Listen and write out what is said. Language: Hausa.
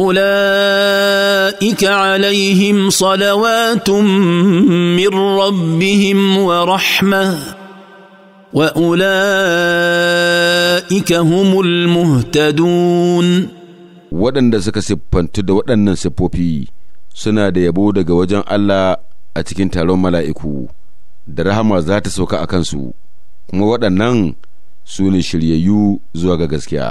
اولئك عليهم صلوات من ربهم ورحمه واولئك هم المهتدون waɗanda suka siffantu da waɗannan siffofi suna da yabo daga wajen Allah a cikin taron mala'iku da rahama za ta sauka a kansu kuma waɗannan su ne shiryayyu zuwa ga gaskiya.